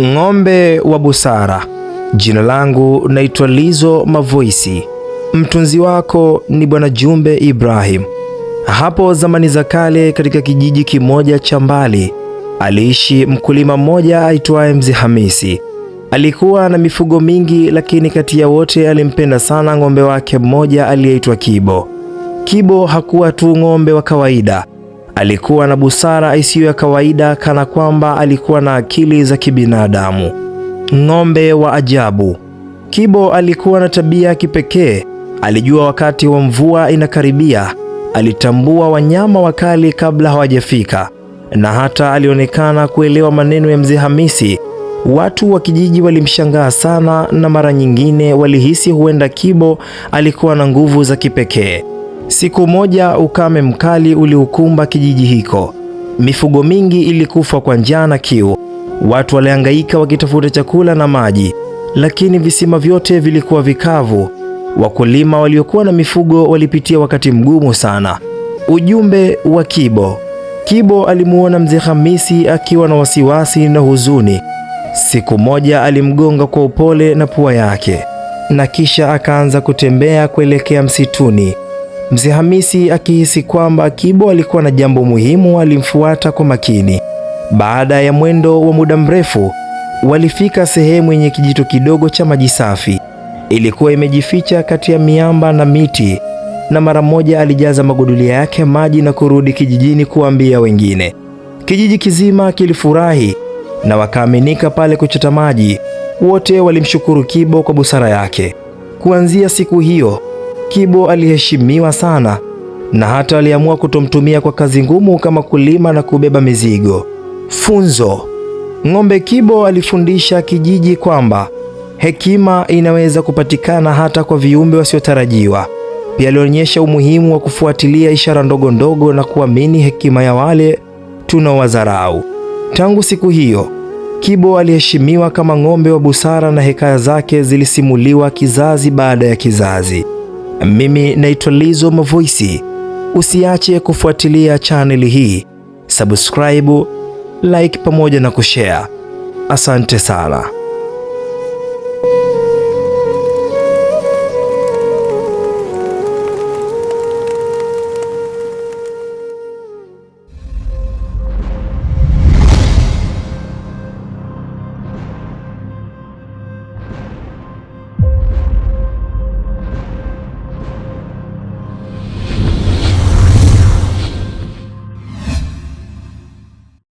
Ng'ombe wa Busara. Jina langu naitwa Lizo Mavoisi, mtunzi wako ni Bwana Jumbe Ibrahim. Hapo zamani za kale, katika kijiji kimoja cha mbali, aliishi mkulima mmoja aitwaye Mzee Hamisi. Alikuwa na mifugo mingi, lakini kati ya wote alimpenda sana ng'ombe wake mmoja aliyeitwa Kibo. Kibo hakuwa tu ng'ombe wa kawaida, alikuwa na busara isiyo ya kawaida, kana kwamba alikuwa na akili za kibinadamu. Ng'ombe wa ajabu. Kibo alikuwa na tabia ya kipekee. Alijua wakati wa mvua inakaribia, alitambua wanyama wakali kabla hawajafika, na hata alionekana kuelewa maneno ya mzee Hamisi. Watu wa kijiji walimshangaa sana, na mara nyingine walihisi huenda Kibo alikuwa na nguvu za kipekee. Siku moja ukame mkali uliukumba kijiji hiko. Mifugo mingi ilikufa kwa njaa na kiu. Watu walihangaika wakitafuta chakula na maji, lakini visima vyote vilikuwa vikavu. Wakulima waliokuwa na mifugo walipitia wakati mgumu sana. Ujumbe wa Kibo. Kibo alimuona mzee Hamisi akiwa na wasiwasi na huzuni. Siku moja alimgonga kwa upole na pua yake na kisha akaanza kutembea kuelekea msituni. Mzee Hamisi akihisi kwamba Kibo alikuwa na jambo muhimu, alimfuata kwa makini. Baada ya mwendo wa muda mrefu, walifika sehemu yenye kijito kidogo cha maji safi. Ilikuwa imejificha kati ya miamba na miti, na mara moja alijaza magudulia yake maji na kurudi kijijini kuambia wengine. Kijiji kizima kilifurahi na wakaaminika pale kuchota maji. Wote walimshukuru Kibo kwa busara yake. Kuanzia siku hiyo Kibo aliheshimiwa sana na hata aliamua kutomtumia kwa kazi ngumu kama kulima na kubeba mizigo. Funzo: Ng'ombe Kibo alifundisha kijiji kwamba hekima inaweza kupatikana hata kwa viumbe wasiotarajiwa. Pia alionyesha umuhimu wa kufuatilia ishara ndogo ndogo na kuamini hekima ya wale tunaowadharau. Tangu siku hiyo, Kibo aliheshimiwa kama ng'ombe wa busara na hekaya zake zilisimuliwa kizazi baada ya kizazi. Mimi naitwa Lizo mavoisi Usiache kufuatilia chaneli hii, subscribe, like pamoja na kushare. Asante sana.